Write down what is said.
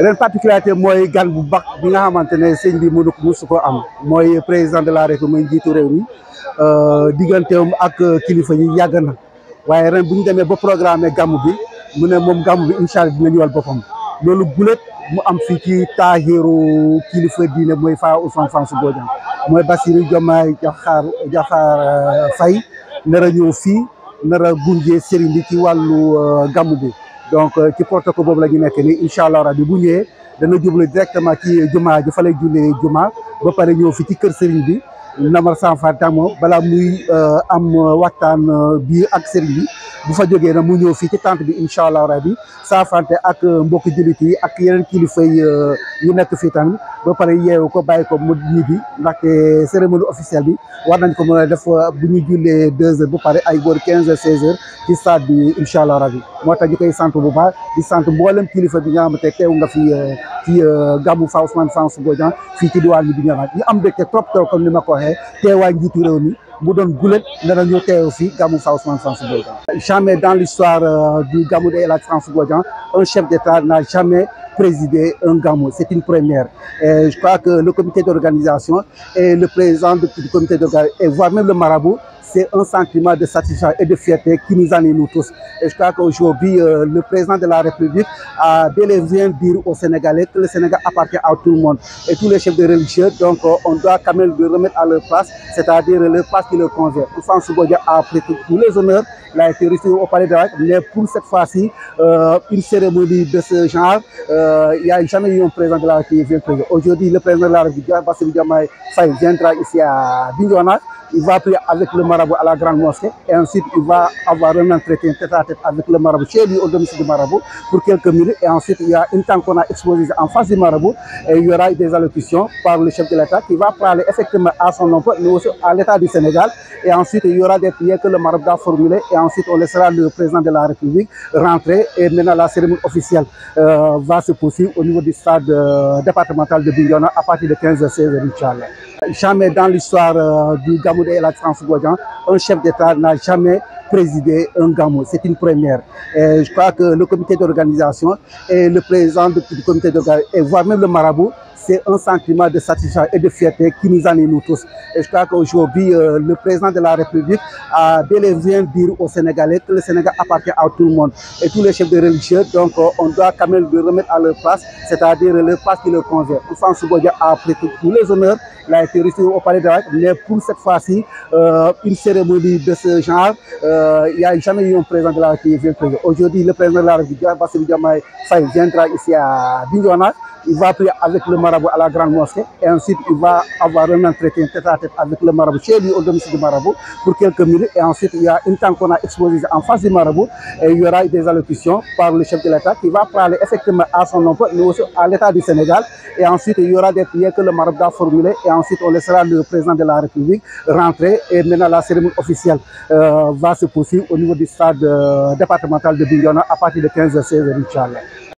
ren particularité mooy gan bu baax bi nga xamante ne sëñ bi mënu musu ko am mooy président de la république mooy njiitu réew mi euh, digganteem ak kilifa yi yàgg na waaye ren bu ñu demee ba programme gàmm bi mu ne moom gàmm bi incha allah dina ñëwal boppam loolu gulet mu am fii ci taaxiru kilifa diine mooy Faa Ousmane Fansou Bodian mooy Bassirou Diomaye Diakhar Diakhar euh, Faye nar a ñëw fii nar a gunge sëriñ bi ci wàllu euh, gàmm bi. donc euh, ci protocole boobu la ñu nekk nii incha allah rabi bu ñëwee dana jublu directement ci jumaa ju fa lay jullee jumaa ba pare ñëw fi ci kër sëriñ bi Namar Sanfar Damo balaa muy euh, am waxtaan euh, bi ak sëriñ bi. bu fa jógee nag mu ñëw fii ci tente bi incha allah rabi saafante ak euh, mbokki jullit yi ak yeneen kilifa yi euh, yu nekk fii tamit ba pare yeewu ko bàyyi ko mu ñibbi ndaxte euh, cérémonie officielle bi war nañ ko mën a def bu ñu jullee deux heures bu pare ay góor quinze heures seize heures ci stade bi incha allah rabi moo tax ñu koy sant bu baax di sant mboolem kilifa bi nga te teew nga fi ci gàmmu Fa Ousmane Sonko Bodian fii ci diwaan bi ñu am dëkk trop trop comme ni ma ko waxee teewaay réew mi Goulet, jamais dans l'histoire euh, du Gamou de la France un chef d'État n'a jamais présidé un Gamou. c'est une première je crois que le comité d'organisation et le président du comité d'organisation et voire même le marabout c'est un sentiment de satisfaction et de fierté qui nous anime nous tous. Et je crois qu'aujourd'hui, euh, le président de la République a bel et bien dire aux Sénégalais que le Sénégal appartient à tout le monde. Et tous les chefs de religieux, donc euh, on doit quand même le remettre à leur place, c'est-à-dire le place qui leur convient. Ousmane Soubodia a pris tous les honneurs, il a été reçu au palais de la mais pour cette fois-ci, euh, une cérémonie de ce genre, il n'y a jamais eu un président de la République qui vient Aujourd'hui, le président de la République, vient de viendra ici à Bindouana il va prier avec le marabout à la grande mosquée et ensuite il va avoir un entretien tête à tête avec le marabout chez lui au domicile du marabout pour quelques minutes et ensuite il y a une temps qu'on a exposé en face du marabout et il y aura des allocutions par le chef de l'État qui va parler effectivement à son emploi mais aussi à l'État du Sénégal et ensuite il y aura des prières que le marabout a formulées et ensuite on laissera le président de la République rentrer et maintenant la cérémonie officielle euh, va se poursuivre au niveau du stade euh, départemental de Bignona à partir de 15h16 Jamais dans l'histoire euh, du Gamou de la France un chef d'État n'a jamais présidé un Gamou. C'est une première. je crois que le comité d'organisation et le président du comité d'organisation, voire même le marabout, c'est un sentiment de satisfaction et de fierté qui nous anime nous tous. Et je crois qu'aujourd'hui, euh, le président de la République a bel et bien dire aux Sénégalais que le Sénégal appartient à tout le monde. Et tous les chefs de religieux, donc euh, on doit quand même le remettre à leur place, c'est-à-dire leur place qui leur convient. Ousmane Soubodia a après tous les honneurs, il a été reçu au Palais de la mais pour cette fois-ci, euh, une cérémonie de ce genre, il n'y a jamais eu un président de la République qui vient Aujourd'hui, le président de la République, Bassel Diamaye, ça viendra ici à Bignona, il va appeler avec le à la grande mosquée et ensuite il va avoir un entretien tête à tête avec le marabout chez lui au domicile du marabout pour quelques minutes et ensuite il y a une temps qu'on a exposé en face du marabout et il y aura des allocutions par le chef de l'État qui va parler effectivement à son emploi mais aussi à l'État du Sénégal et ensuite il y aura des prières que le marabout a formulées et ensuite on laissera le président de la République rentrer et maintenant la cérémonie officielle euh, va se poursuivre au niveau du stade euh, départemental de Bignona à partir de 15h16